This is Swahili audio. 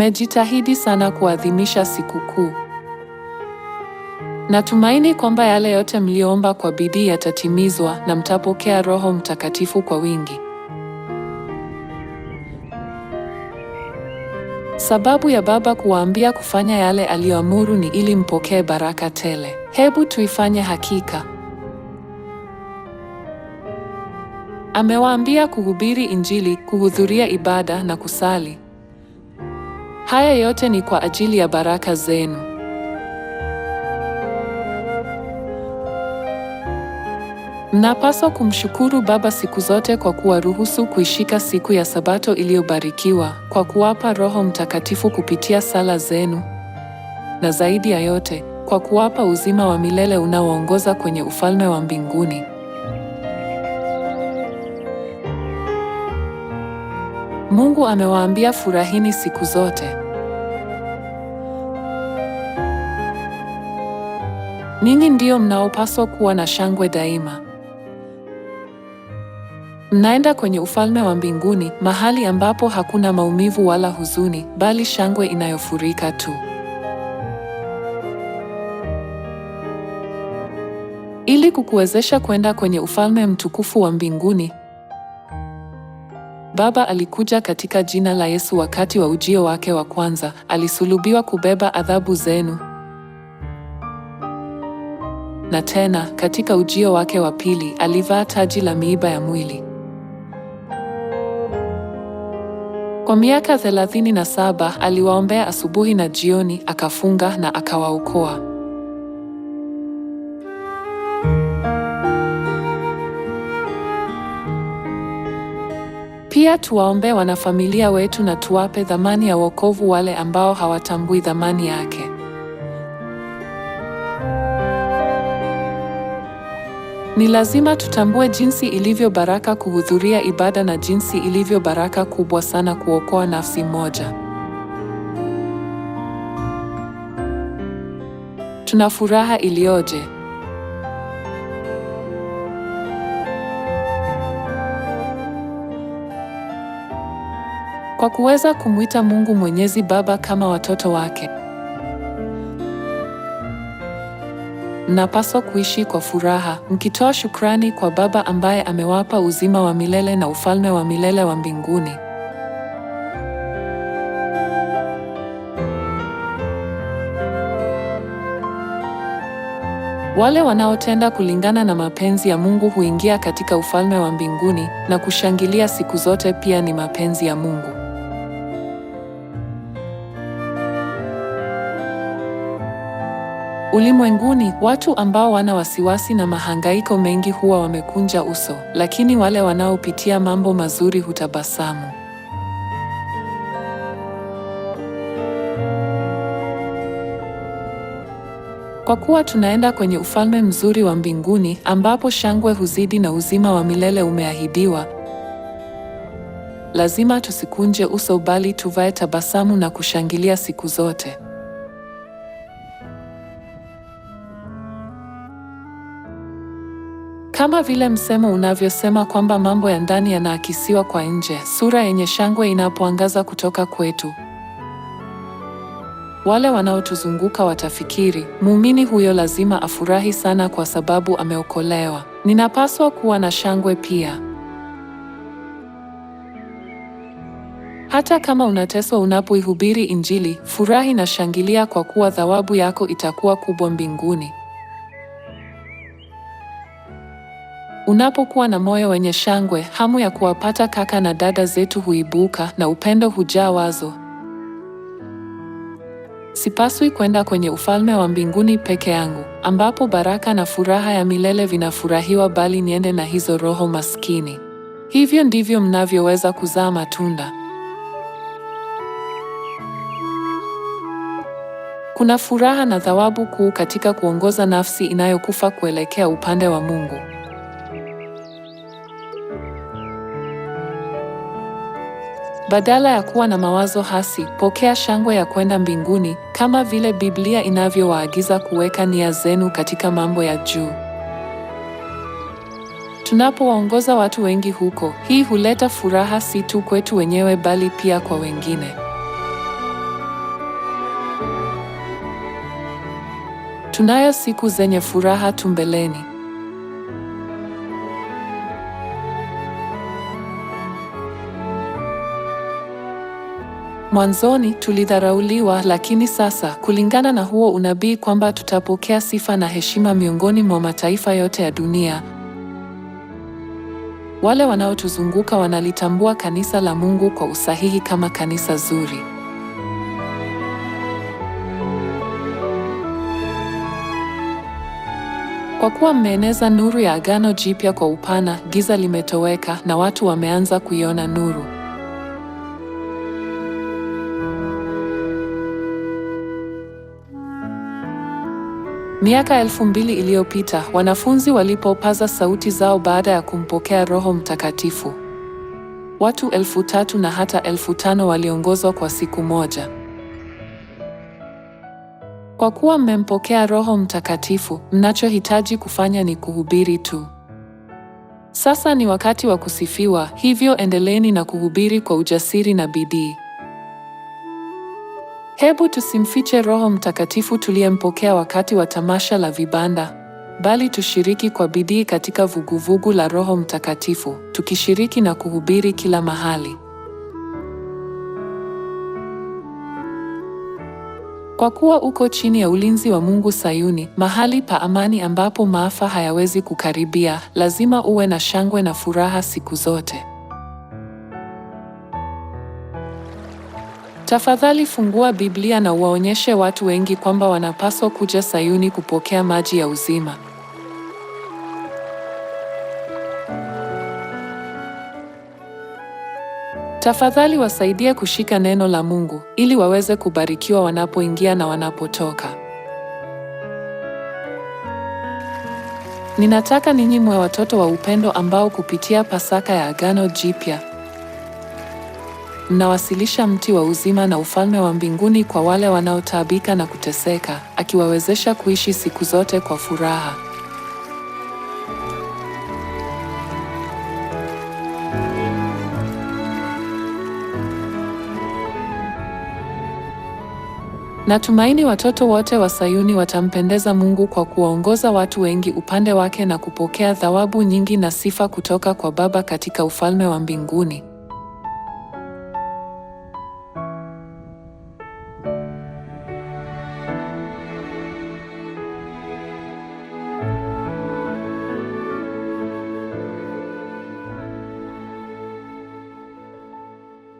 Nimejitahidi sana kuadhimisha sikukuu. Natumaini kwamba yale yote mliyoomba kwa bidii yatatimizwa na mtapokea Roho Mtakatifu kwa wingi. Sababu ya Baba kuwaambia kufanya yale aliyoamuru ni ili mpokee baraka tele. Hebu tuifanye hakika. Amewaambia kuhubiri Injili, kuhudhuria ibada na kusali. Haya yote ni kwa ajili ya baraka zenu. Mnapaswa kumshukuru Baba siku zote kwa kuwaruhusu kuishika siku ya Sabato iliyobarikiwa, kwa kuwapa Roho Mtakatifu kupitia sala zenu, na zaidi ya yote, kwa kuwapa uzima wa milele unaoongoza kwenye ufalme wa mbinguni. Mungu amewaambia furahini siku zote. Ninyi ndio mnaopaswa kuwa na shangwe daima. Mnaenda kwenye ufalme wa mbinguni, mahali ambapo hakuna maumivu wala huzuni, bali shangwe inayofurika tu. Ili kukuwezesha kwenda kwenye ufalme mtukufu wa mbinguni, Baba alikuja katika jina la Yesu wakati wa ujio wake wa kwanza, alisulubiwa kubeba adhabu zenu na tena katika ujio wake wa pili alivaa taji la miiba ya mwili. Kwa miaka 37 aliwaombea asubuhi na jioni, akafunga na akawaokoa. Pia tuwaombe wanafamilia wetu na tuwape dhamani ya wokovu wale ambao hawatambui dhamani yake. Ni lazima tutambue jinsi ilivyo baraka kuhudhuria ibada na jinsi ilivyo baraka kubwa sana kuokoa nafsi moja. Tuna furaha iliyoje! Kwa kuweza kumwita Mungu Mwenyezi Baba kama watoto wake. mnapaswa kuishi kwa furaha, mkitoa shukrani kwa Baba ambaye amewapa uzima wa milele na ufalme wa milele wa mbinguni. Wale wanaotenda kulingana na mapenzi ya Mungu huingia katika ufalme wa mbinguni na kushangilia siku zote pia ni mapenzi ya Mungu. Ulimwenguni, watu ambao wana wasiwasi na mahangaiko mengi huwa wamekunja uso, lakini wale wanaopitia mambo mazuri hutabasamu. Kwa kuwa tunaenda kwenye ufalme mzuri wa mbinguni ambapo shangwe huzidi na uzima wa milele umeahidiwa, lazima tusikunje uso bali tuvae tabasamu na kushangilia siku zote. Kama vile msemo unavyosema kwamba mambo ya ndani yanaakisiwa kwa nje, sura yenye shangwe inapoangaza kutoka kwetu, wale wanaotuzunguka watafikiri, muumini huyo lazima afurahi sana kwa sababu ameokolewa. Ninapaswa kuwa na shangwe pia. Hata kama unateswa unapoihubiri Injili, furahi na shangilia kwa kuwa thawabu yako itakuwa kubwa mbinguni. Unapokuwa na moyo wenye shangwe, hamu ya kuwapata kaka na dada zetu huibuka na upendo hujaa wazo. Sipaswi kwenda kwenye ufalme wa mbinguni peke yangu, ambapo baraka na furaha ya milele vinafurahiwa, bali niende na hizo roho maskini. Hivyo ndivyo mnavyoweza kuzaa matunda. Kuna furaha na thawabu kuu katika kuongoza nafsi inayokufa kuelekea upande wa Mungu. Badala ya kuwa na mawazo hasi, pokea shangwe ya kwenda mbinguni, kama vile Biblia inavyowaagiza kuweka nia zenu katika mambo ya juu. Tunapowaongoza watu wengi huko, hii huleta furaha si tu kwetu wenyewe bali pia kwa wengine. Tunayo siku zenye furaha tu mbeleni. Mwanzoni tulidharauliwa, lakini sasa, kulingana na huo unabii kwamba tutapokea sifa na heshima miongoni mwa mataifa yote ya dunia, wale wanaotuzunguka wanalitambua kanisa la Mungu kwa usahihi kama kanisa zuri. Kwa kuwa mmeeneza nuru ya Agano Jipya kwa upana, giza limetoweka na watu wameanza kuiona nuru. Miaka elfu mbili iliyopita wanafunzi walipopaza sauti zao baada ya kumpokea Roho Mtakatifu, watu elfu tatu na hata elfu tano waliongozwa kwa siku moja. Kwa kuwa mmempokea Roho Mtakatifu, mnachohitaji kufanya ni kuhubiri tu. Sasa ni wakati wa kusifiwa, hivyo endeleeni na kuhubiri kwa ujasiri na bidii. Hebu tusimfiche Roho Mtakatifu tuliyempokea wakati wa tamasha la vibanda, bali tushiriki kwa bidii katika vuguvugu la Roho Mtakatifu, tukishiriki na kuhubiri kila mahali. Kwa kuwa uko chini ya ulinzi wa Mungu Sayuni, mahali pa amani ambapo maafa hayawezi kukaribia, lazima uwe na shangwe na furaha siku zote. Tafadhali fungua Biblia na uwaonyeshe watu wengi kwamba wanapaswa kuja Sayuni kupokea maji ya uzima. Tafadhali wasaidie kushika neno la Mungu ili waweze kubarikiwa wanapoingia na wanapotoka. Ninataka ninyi mwe watoto wa upendo ambao kupitia Pasaka ya Agano Jipya mnawasilisha mti wa uzima na ufalme wa mbinguni kwa wale wanaotaabika na kuteseka, akiwawezesha kuishi siku zote kwa furaha. Natumaini watoto wote wa Sayuni watampendeza Mungu kwa kuwaongoza watu wengi upande wake na kupokea thawabu nyingi na sifa kutoka kwa Baba katika ufalme wa mbinguni.